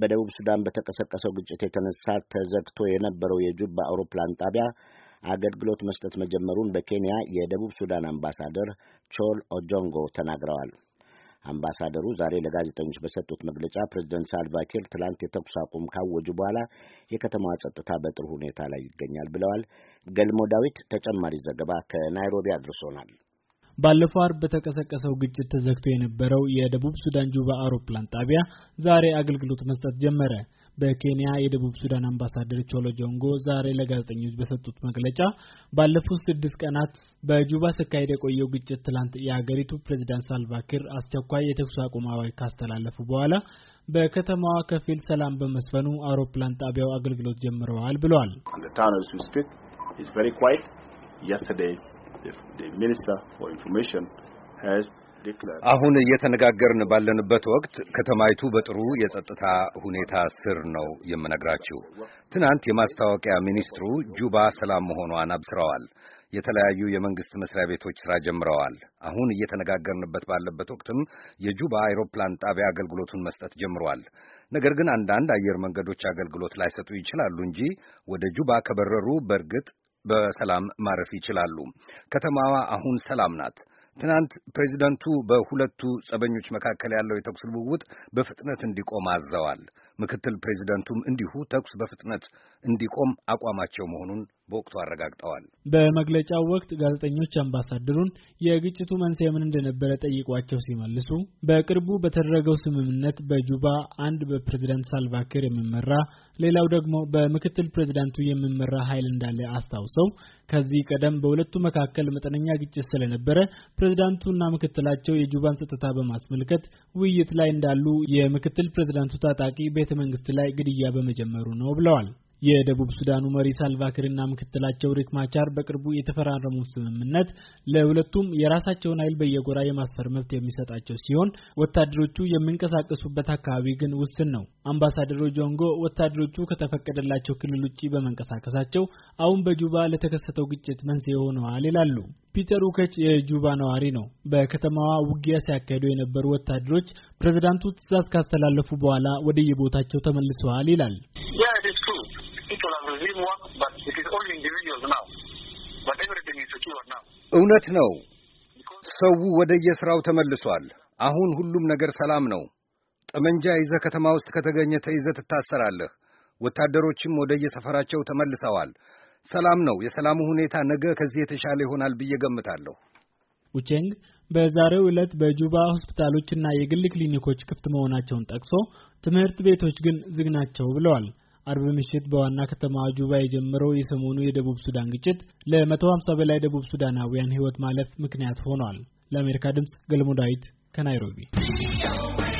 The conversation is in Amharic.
በደቡብ ሱዳን በተቀሰቀሰው ግጭት የተነሳ ተዘግቶ የነበረው የጁባ አውሮፕላን ጣቢያ አገልግሎት መስጠት መጀመሩን በኬንያ የደቡብ ሱዳን አምባሳደር ቾል ኦጆንጎ ተናግረዋል። አምባሳደሩ ዛሬ ለጋዜጠኞች በሰጡት መግለጫ ፕሬዝደንት ሳልቫኪር ትላንት የተኩስ አቁም ካወጁ በኋላ የከተማዋ ጸጥታ በጥሩ ሁኔታ ላይ ይገኛል ብለዋል። ገልሞ ዳዊት ተጨማሪ ዘገባ ከናይሮቢ አድርሶናል። ባለፈው አርብ በተቀሰቀሰው ግጭት ተዘግቶ የነበረው የደቡብ ሱዳን ጁባ አውሮፕላን ጣቢያ ዛሬ አገልግሎት መስጠት ጀመረ። በኬንያ የደቡብ ሱዳን አምባሳደር ቾሎ ጆንጎ ዛሬ ለጋዜጠኞች በሰጡት መግለጫ ባለፉት ስድስት ቀናት በጁባ ሲካሄድ የቆየው ግጭት ትላንት የሀገሪቱ ፕሬዚዳንት ሳልቫኪር አስቸኳይ የተኩስ አቁም አዋጅ ካስተላለፉ በኋላ በከተማዋ ከፊል ሰላም በመስፈኑ አውሮፕላን ጣቢያው አገልግሎት ጀምረዋል ብለዋል። አሁን እየተነጋገርን ባለንበት ወቅት ከተማይቱ በጥሩ የጸጥታ ሁኔታ ስር ነው የምነግራችሁ። ትናንት የማስታወቂያ ሚኒስትሩ ጁባ ሰላም መሆኗን አብስረዋል። የተለያዩ የመንግስት መስሪያ ቤቶች ስራ ጀምረዋል። አሁን እየተነጋገርንበት ባለበት ወቅትም የጁባ አይሮፕላን ጣቢያ አገልግሎቱን መስጠት ጀምሯል። ነገር ግን አንዳንድ አየር መንገዶች አገልግሎት ላይሰጡ ይችላሉ እንጂ ወደ ጁባ ከበረሩ በእርግጥ በሰላም ማረፍ ይችላሉ። ከተማዋ አሁን ሰላም ናት። ትናንት ፕሬዚደንቱ በሁለቱ ጸበኞች መካከል ያለው የተኩስ ልውውጥ በፍጥነት እንዲቆም አዘዋል። ምክትል ፕሬዚደንቱም እንዲሁ ተኩስ በፍጥነት እንዲቆም አቋማቸው መሆኑን በወቅቱ አረጋግጠዋል። በመግለጫው ወቅት ጋዜጠኞች አምባሳደሩን የግጭቱ መንስኤ ምን እንደነበረ ጠይቋቸው ሲመልሱ በቅርቡ በተደረገው ስምምነት በጁባ አንድ በፕሬዝዳንት ሳልቫኪር የሚመራ ሌላው ደግሞ በምክትል ፕሬዝዳንቱ የሚመራ ኃይል እንዳለ አስታውሰው ከዚህ ቀደም በሁለቱ መካከል መጠነኛ ግጭት ስለነበረ ፕሬዝዳንቱና ምክትላቸው የጁባን ጸጥታ በማስመልከት ውይይት ላይ እንዳሉ የምክትል ፕሬዝዳንቱ ታጣቂ ቤተ መንግስት ላይ ግድያ በመጀመሩ ነው ብለዋል። የደቡብ ሱዳኑ መሪ ሳልቫኪርና ምክትላቸው ሪክ ማቻር በቅርቡ የተፈራረሙ ስምምነት ለሁለቱም የራሳቸውን ኃይል በየጎራ የማስፈር መብት የሚሰጣቸው ሲሆን ወታደሮቹ የሚንቀሳቀሱበት አካባቢ ግን ውስን ነው። አምባሳደሩ ጆንጎ ወታደሮቹ ከተፈቀደላቸው ክልል ውጭ በመንቀሳቀሳቸው አሁን በጁባ ለተከሰተው ግጭት መንስኤ ሆነዋል ይላሉ። ፒተር ውከች የጁባ ነዋሪ ነው። በከተማዋ ውጊያ ሲያካሂዱ የነበሩ ወታደሮች ፕሬዝዳንቱ ትእዛዝ ካስተላለፉ በኋላ ወደየቦታቸው ተመልሰዋል ይላል። እውነት ነው። ሰው ወደ የስራው ተመልሷል። አሁን ሁሉም ነገር ሰላም ነው። ጠመንጃ ይዘህ ከተማ ውስጥ ከተገኘ ተይዘህ ትታሰራለህ። ወታደሮችም ወደ የሰፈራቸው ተመልሰዋል። ሰላም ነው። የሰላሙ ሁኔታ ነገ ከዚህ የተሻለ ይሆናል ብዬ ገምታለሁ። ኡቼንግ በዛሬው ዕለት በጁባ ሆስፒታሎችና የግል ክሊኒኮች ክፍት መሆናቸውን ጠቅሶ ትምህርት ቤቶች ግን ዝግ ናቸው ብለዋል። አርብ ምሽት በዋና ከተማ ጁባ የጀመረው የሰሞኑ የደቡብ ሱዳን ግጭት ለ150 በላይ ደቡብ ሱዳናውያን ህይወት ማለፍ ምክንያት ሆኗል። ለአሜሪካ ድምፅ ገልሞ ዳዊት ከናይሮቢ